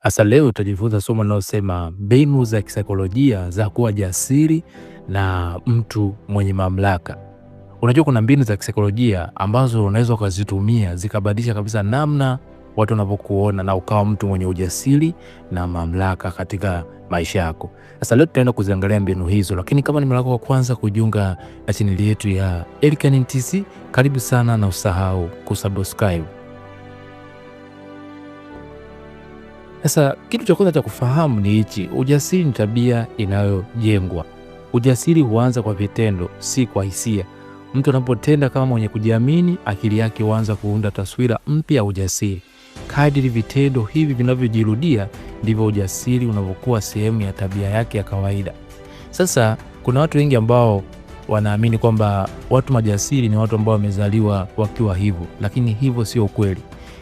Hasa leo utajifunza somo linalosema mbinu za kisaikolojia za kuwa jasiri na mtu mwenye mamlaka. Unajua, kuna mbinu za kisaikolojia ambazo unaweza ukazitumia zikabadilisha kabisa namna watu wanavyokuona na ukawa mtu mwenye ujasiri na mamlaka katika maisha yako. Sasa leo tutaenda kuziangalia mbinu hizo, lakini kama ni mara yako ya kwanza kujiunga na chaneli yetu ya Elikhan karibu sana na usahau kusubscribe Sasa kitu cha kwanza cha kufahamu ni hichi, ujasiri ni tabia inayojengwa. Ujasiri huanza kwa vitendo, si kwa hisia. Mtu anapotenda kama mwenye kujiamini, akili yake huanza kuunda taswira mpya ya ujasiri. Kadiri vitendo hivi vinavyojirudia, ndivyo ujasiri unavyokuwa sehemu ya tabia yake ya kawaida. Sasa kuna watu wengi ambao wanaamini kwamba watu majasiri ni watu ambao wamezaliwa wakiwa hivyo, lakini hivyo sio ukweli.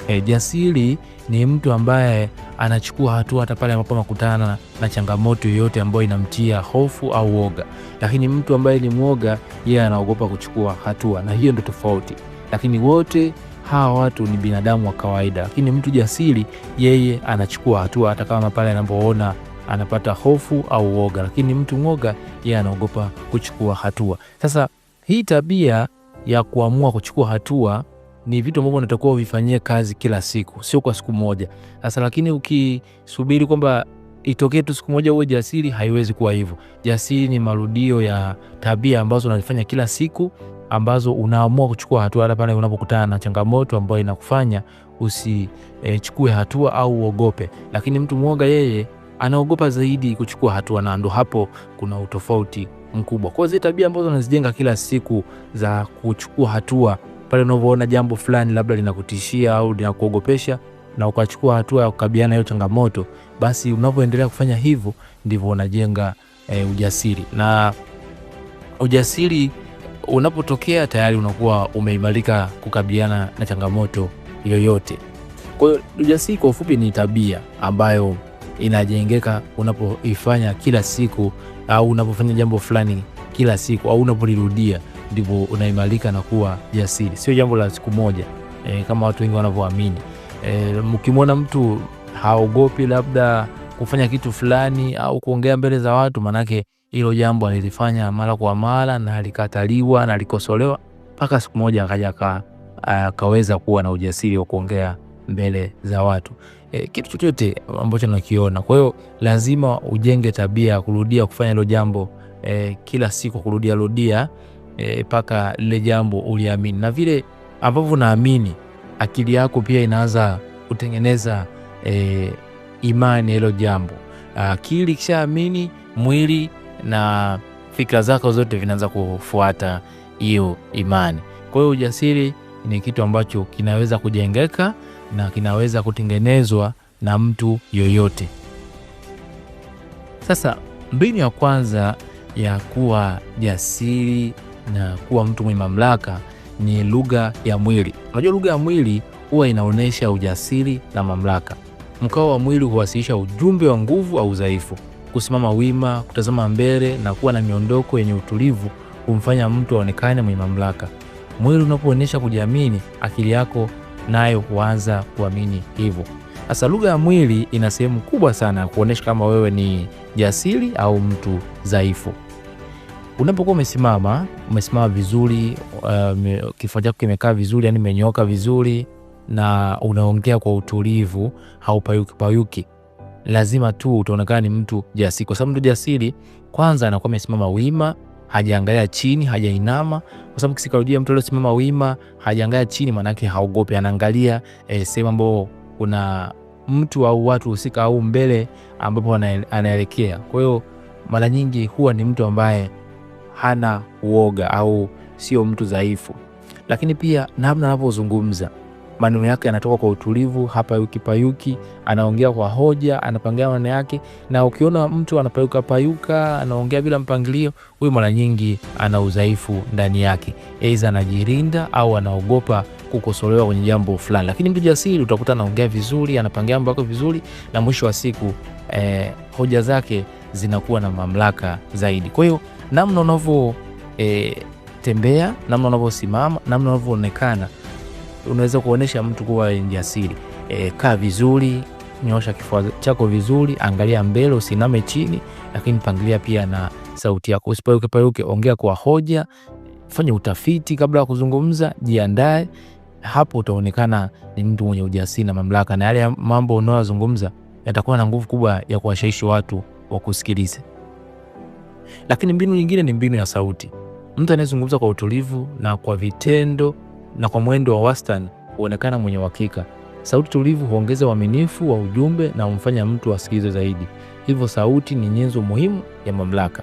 E, jasiri ni mtu ambaye anachukua hatua hata pale ambapo anakutana na changamoto yoyote ambayo inamtia hofu au woga, lakini mtu ambaye ni mwoga yeye anaogopa kuchukua hatua, na hiyo ndo tofauti. Lakini wote hawa watu ni binadamu wa kawaida, lakini mtu jasiri yeye anachukua hatua hata kama pale anapoona anapata hofu au woga, lakini mtu mwoga yeye anaogopa kuchukua hatua. Sasa hii tabia ya kuamua kuchukua hatua ni vitu ambavyo unatakiwa uvifanyie kazi kila siku, sio kwa siku moja. Sasa lakini ukisubiri kwamba itokee tu siku moja uwe jasiri, haiwezi kuwa hivyo. Jasiri ni marudio ya tabia ambazo unazifanya kila siku, ambazo unaamua kuchukua hatua hata pale unapokutana na changamoto ambayo inakufanya usichukue e, hatua au uogope. Lakini mtu mwoga yeye anaogopa zaidi kuchukua hatua, na ndo hapo kuna utofauti mkubwa. Kwa hiyo zile tabia ambazo unazijenga kila siku za kuchukua hatua pale unavyoona jambo fulani labda linakutishia au linakuogopesha na ukachukua hatua ya kukabiliana hiyo changamoto, basi unavyoendelea kufanya hivyo ndivyo unajenga e, ujasiri. Na ujasiri unapotokea tayari unakuwa umeimarika kukabiliana na changamoto yoyote. Kwa hiyo ujasiri kwa ufupi ni tabia ambayo inajengeka unapoifanya kila siku au unapofanya jambo fulani kila siku au unapolirudia ndivyo unaimarika na kuwa jasiri. Sio jambo la siku moja e, kama watu wengi wanavyoamini. E, mkimwona mtu haogopi labda kufanya kitu fulani au kuongea mbele za watu, maanake hilo jambo alilifanya mara kwa mara na alikataliwa na alikosolewa, mpaka siku moja akaja akaweza kuwa na ujasiri wa kuongea mbele za watu e, kitu chochote ambacho nakiona. Kwa hiyo lazima ujenge tabia ya kurudia kufanya hilo jambo e, kila siku kurudia rudia E, mpaka e, lile jambo uliamini, na vile ambavyo unaamini akili yako pia inaanza kutengeneza e, imani hilo jambo. Akili ikishaamini, mwili na fikra zako zote vinaanza kufuata hiyo imani. Kwa hiyo ujasiri ni kitu ambacho kinaweza kujengeka na kinaweza kutengenezwa na mtu yoyote. Sasa mbinu ya kwanza ya kuwa jasiri na kuwa mtu mwenye mamlaka ni lugha ya mwili. Unajua, lugha ya mwili huwa inaonyesha ujasiri na mamlaka. Mkao wa mwili huwasilisha ujumbe wa nguvu au udhaifu. Kusimama wima, kutazama mbele na kuwa na miondoko yenye utulivu humfanya mtu aonekane mwenye mamlaka. Mwili unapoonyesha kujiamini, akili yako nayo huanza kuamini hivyo. Sasa lugha ya mwili ina sehemu kubwa sana ya kuonyesha kama wewe ni jasiri au mtu dhaifu unapokuwa umesimama umesimama vizuri uh, kifua chako kimekaa vizuri, yani umenyooka vizuri na unaongea kwa utulivu, haupayuki payuki, lazima tu utaonekana ni mtu jasiri, kwa sababu mtu jasiri kwanza anakuwa amesimama wima, hajaangalia chini, hajainama, kwa sababu kisaikolojia mtu aliosimama wima, hajaangalia chini, maana haogopi, anaangalia e, sehemu ambao kuna mtu au watu husika au mbele ambapo anaelekea. Kwa hiyo mara nyingi huwa ni mtu ambaye hana uoga au sio mtu dhaifu, lakini pia namna anavyozungumza maneno yake yanatoka kwa utulivu, hapayuki payuki, anaongea kwa hoja, anapangia maneno yake. Na ukiona mtu anapayuka payuka, anaongea bila mpangilio, huyu mara nyingi ana udhaifu ndani yake, aidha anajirinda au anaogopa kukosolewa kwenye jambo fulani. Lakini mtu jasiri utakuta anaongea vizuri, anapangia mambo yake vizuri, na mwisho wa siku eh, hoja zake zinakuwa na mamlaka zaidi. Kwa hiyo namna unavyotembea, e, namna unavyosimama, namna unavyoonekana unaweza kuonyesha mtu kuwa jasiri. E, kaa vizuri, nyosha kifua chako vizuri, angalia mbele, usiname chini, lakini pangilia pia na sauti yako, usipayuke payuke, ongea kwa hoja, fanya utafiti kabla ya kuzungumza, jiandae. Hapo utaonekana ni mtu mwenye ujasiri na mamlaka, na yale mambo unayozungumza yatakuwa na nguvu kubwa ya kuwashawishi watu wa kusikiliza. Lakini mbinu nyingine ni mbinu ya sauti. Mtu anayezungumza kwa utulivu na kwa vitendo na kwa mwendo wa wastani huonekana mwenye uhakika. Sauti tulivu huongeza uaminifu wa ujumbe na humfanya mtu asikizwe zaidi. Hivyo sauti ni nyenzo muhimu ya mamlaka.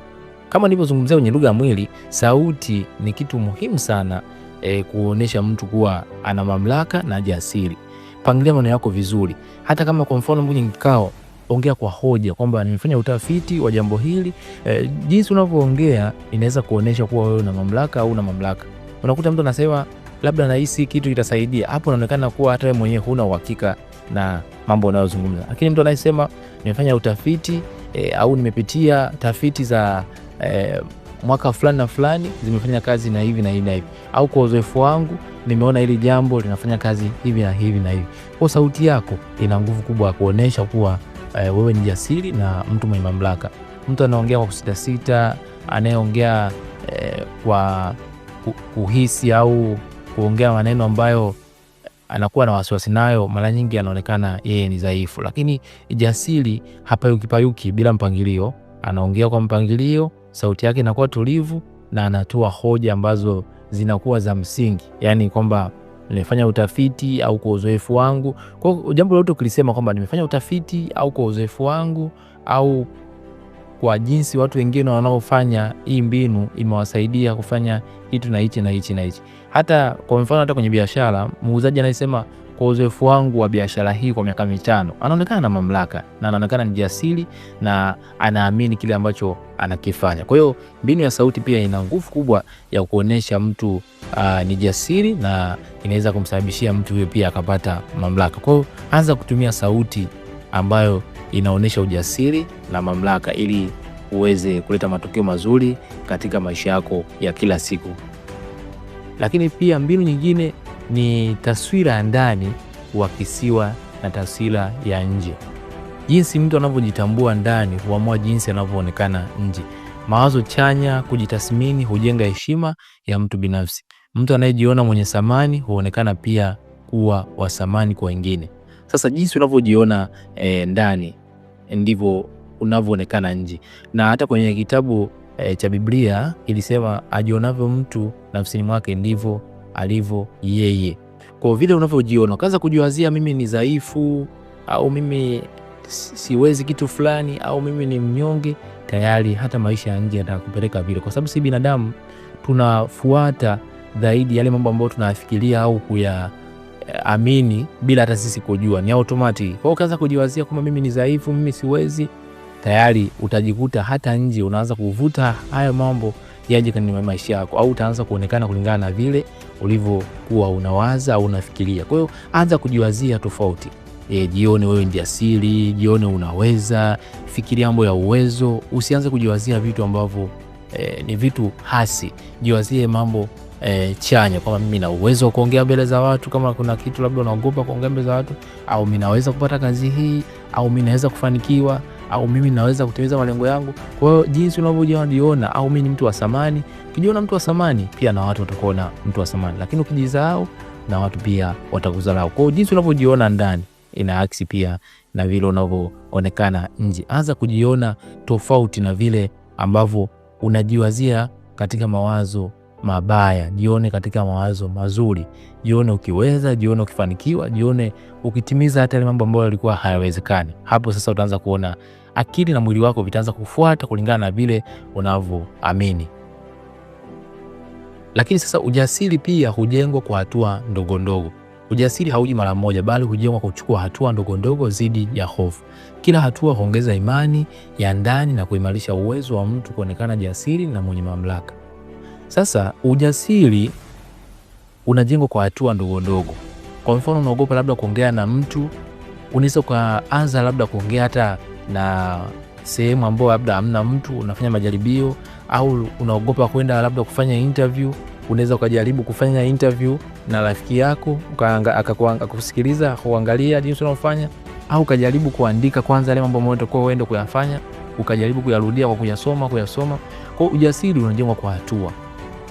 Kama nilivyozungumzia kwenye lugha ya mwili, sauti ni kitu muhimu sana e, kuonesha mtu kuwa ana mamlaka na jasiri. Pangilia maneno yako vizuri, hata kama kwa mfano kwenye kikao ongea kwa hoja kwamba nimefanya utafiti wa jambo hili e, jinsi unavyoongea inaweza kuonyesha kuwa wewe una mamlaka au una mamlaka. Unakuta mtu anasema labda nahisi kitu kitasaidia, hapo unaonekana kuwa hata wewe mwenyewe huna uhakika na mambo unayozungumza. Lakini mtu anayesema nimefanya utafiti e, au nimepitia tafiti za e, mwaka fulani na fulani zimefanya kazi na hivi na hivi na hivi, au kwa uzoefu wangu nimeona hili jambo linafanya kazi hivi na hivi na hivi. Kwa sauti yako ina nguvu kubwa ya kuonyesha kuwa e, wewe ni jasiri na mtu mwenye mamlaka. Mtu anaongea kwa kusitasita, anayeongea e, kwa kuhisi au kuongea maneno ambayo eh, anakuwa na wasiwasi nayo, mara nyingi anaonekana yeye ni dhaifu. Lakini jasiri hapayuki payuki bila mpangilio, anaongea kwa mpangilio, sauti yake inakuwa tulivu na anatoa hoja ambazo zinakuwa za msingi, yani kwamba nimefanya utafiti au kwa uzoefu wangu. Kwa hiyo jambo lolote ukilisema kwamba nimefanya utafiti au kwa uzoefu wangu au kwa jinsi watu wengine wanaofanya hii mbinu imewasaidia kufanya hitu na hichi na hichi na hichi. Hata kwa mfano, hata kwenye biashara muuzaji anayesema kwa uzoefu wangu wa biashara hii kwa miaka mitano, anaonekana na mamlaka na anaonekana ni jasiri na anaamini kile ambacho anakifanya. Kwa hiyo mbinu ya sauti pia ina nguvu kubwa ya kuonyesha mtu uh, ni jasiri na inaweza kumsababishia mtu huyo pia akapata mamlaka. Kwa hiyo anza kutumia sauti ambayo inaonyesha ujasiri na mamlaka ili uweze kuleta matokeo mazuri katika maisha yako ya kila siku. Lakini pia mbinu nyingine ni taswira ya ndani wa kisiwa na taswira ya nje. Jinsi mtu anavyojitambua ndani huamua jinsi anavyoonekana nje. Mawazo chanya, kujitathmini hujenga heshima ya mtu binafsi. Mtu anayejiona mwenye samani huonekana pia kuwa wa samani kwa wengine. Sasa jinsi unavyojiona e, ndani ndivyo unavyoonekana nje, na hata kwenye kitabu e, cha Biblia ilisema ajionavyo mtu nafsini mwake ndivyo alivyo yeye. Kwa vile unavyojiona, ukaanza kujiwazia, mimi ni dhaifu, au mimi siwezi kitu fulani, au mimi ni mnyonge, tayari hata maisha ya nje yatakupeleka vile, kwa sababu si binadamu, tunafuata zaidi yale mambo ambayo tunayafikiria au kuyaamini bila hata sisi kujua, ni automatic. Kwa hiyo ukaanza kujiwazia kwamba mimi ni dhaifu, mimi siwezi, tayari utajikuta hata nje unaanza kuvuta hayo mambo yaje kwenye maisha yako, au utaanza kuonekana kulingana na vile ulivyokuwa unawaza au unafikiria. Kwa hiyo anza kujiwazia tofauti. E, jione wewe ndi asili, jione unaweza, fikiria mambo ya uwezo. Usianze kujiwazia vitu ambavyo e, ni vitu hasi. Jiwazie mambo e, chanya kwamba mimi na uwezo wa kuongea mbele za watu. Kama kuna kitu labda unaogopa kuongea mbele za watu, au mi naweza kupata kazi hii, au mi naweza kufanikiwa au mimi naweza kutimiza malengo yangu. Kwa hiyo jinsi unavyojiona, au mimi ni mtu wa thamani, ukijiona mtu wa thamani, pia na watu watakuona mtu wa thamani, lakini ukijizao na watu pia watakudharau. Kwa hiyo jinsi unavyojiona ndani ina aksi pia na vile unavyoonekana nje. Anza kujiona tofauti na vile ambavyo unajiwazia katika mawazo mabaya, jione katika mawazo mazuri, jione ukiweza, jione ukifanikiwa, jione ukitimiza hata yale mambo ambayo yalikuwa hayawezekani. Hapo sasa utaanza kuona akili na mwili wako vitaanza kufuata kulingana na vile unavyoamini. Lakini sasa ujasiri pia hujengwa kwa hatua ndogo ndogo. Ujasiri hauji mara moja, bali hujengwa kwa kuchukua hatua ndogo ndogo dhidi ya hofu. Kila hatua huongeza imani ya ndani na kuimarisha uwezo wa mtu kuonekana jasiri na mwenye mamlaka. Sasa ujasiri unajengwa kwa hatua ndogo ndogo. Kwa mfano, unaogopa labda kuongea na mtu, unaweza ukaanza labda kuongea hata na sehemu ambayo labda hamna mtu, unafanya majaribio. Au unaogopa kwenda labda kufanya interview, unaweza ukajaribu kufanya interview na rafiki yako akakusikiliza, kuangalia jinsi unaofanya. Au ukajaribu kuandika kwanza yale mambo ambayo utakuwa uende kuyafanya, ukajaribu kuyarudia kwa kuyasoma, kuyasoma. Kwa ujasiri unajengwa kwa hatua.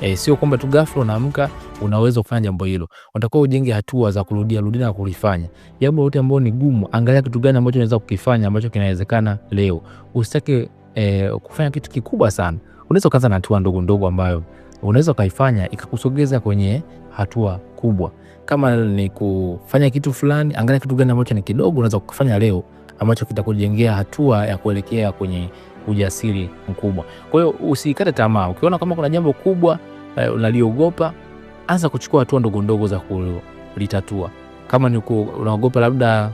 E, sio kwamba tu ghafla unaamka unaweza kufanya jambo hilo. Unatakiwa ujenge hatua za kurudia rudia na kulifanya. Jambo lolote ambalo ni gumu, angalia kitu gani ambacho unaweza kukifanya ambacho kinawezekana leo. Usitake e, kufanya kitu kikubwa sana. Unaweza kuanza na hatua ndogo ndogo ambayo unaweza kaifanya ikakusogeza kwenye hatua kubwa. Kama ni kufanya kitu fulani, angalia kitu gani ambacho ni kidogo unaweza kukifanya leo ambacho kitakujengea hatua ya kuelekea kwenye ujasiri mkubwa. Kwa hiyo usikate tamaa, ukiona kama kuna jambo kubwa eh, unaliogopa, anza kuchukua hatua ndogo ndogo za kulitatua. Kama ni unaogopa labda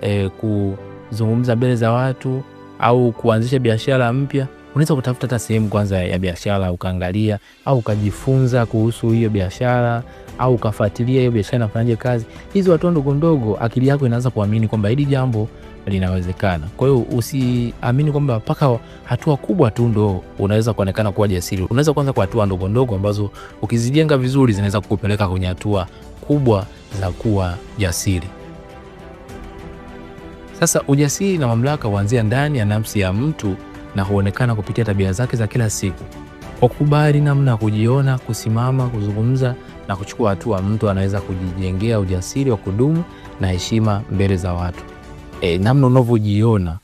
eh, kuzungumza mbele za watu au kuanzisha biashara mpya, unaweza kutafuta hata sehemu kwanza ya biashara ukaangalia, au ukajifunza kuhusu hiyo biashara, au ukafuatilia hiyo biashara inafanyaje kazi. Hizo hatua ndogo ndogo, akili yako inaanza kuamini kwamba hili jambo linawezekana. Kwa hiyo usiamini kwamba mpaka hatua kubwa tu ndo unaweza kuonekana kuwa jasiri. Unaweza kuanza kwa hatua ndogo ndogo ambazo ukizijenga vizuri zinaweza kukupeleka kwenye hatua kubwa za kuwa jasiri. Sasa ujasiri na mamlaka huanzia ndani ya nafsi ya mtu na huonekana kupitia tabia zake za kila siku. Kwa kukubali namna ya kujiona, kusimama, kuzungumza na kuchukua hatua, mtu anaweza kujijengea ujasiri wa kudumu na heshima mbele za watu e, namna unavyojiona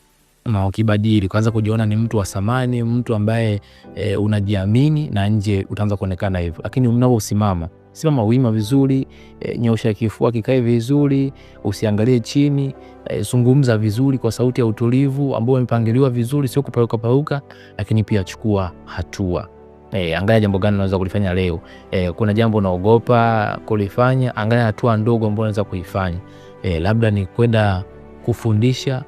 na ukibadili kwanza kujiona ni mtu wa samani, mtu ambaye e, unajiamini na nje utaanza kuonekana hivyo, lakini unavyosimama simama wima vizuri e, eh, nyosha kifua kikae vizuri, usiangalie chini e, zungumza vizuri kwa sauti ya utulivu ambayo imepangiliwa vizuri, sio kupauka pauka, lakini pia chukua hatua. E, angalia jambo gani unaweza kulifanya leo. E, kuna jambo unaogopa kulifanya, angalia hatua ndogo ambayo unaweza kuifanya. E, labda ni kwenda kufundisha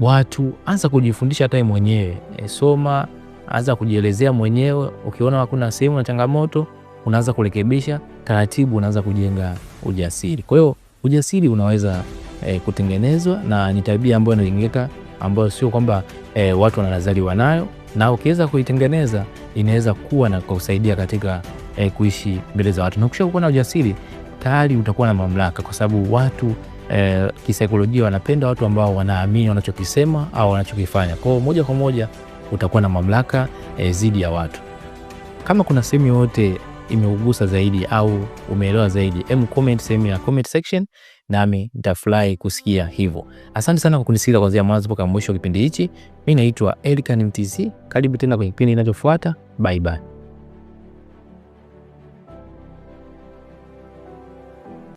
watu, anza kujifundisha hata mwenyewe e, soma, anza kujielezea mwenyewe. Ukiona hakuna sehemu na changamoto, unaanza kurekebisha taratibu, unaanza kujenga ujasiri. Kwa hiyo ujasiri unaweza e, kutengenezwa na ni tabia ambayo inajengeka, ambayo sio kwamba e, watu wanazaliwa nayo, na ukiweza kuitengeneza inaweza kuwa na kusaidia katika e, kuishi mbele za watu, na ukishakuwa na ujasiri tayari utakuwa na mamlaka, kwa sababu watu eh, kisaikolojia wanapenda watu ambao wanaamini wanachokisema au wanachokifanya. kwao moja kwa moja utakuwa na mamlaka eh, zidi ya watu. Kama kuna sehemu yoyote imeugusa zaidi au umeelewa zaidi, em sehemu ya section, nami ntafurahi kusikia hivyo. Asante sana kwa kunisikiliza kwanzia mwanzo mpaka mwisho wa kipindi hichi. mi naitwa Elikhan mtc karibu tena kwenye kipindi inachofuata baibai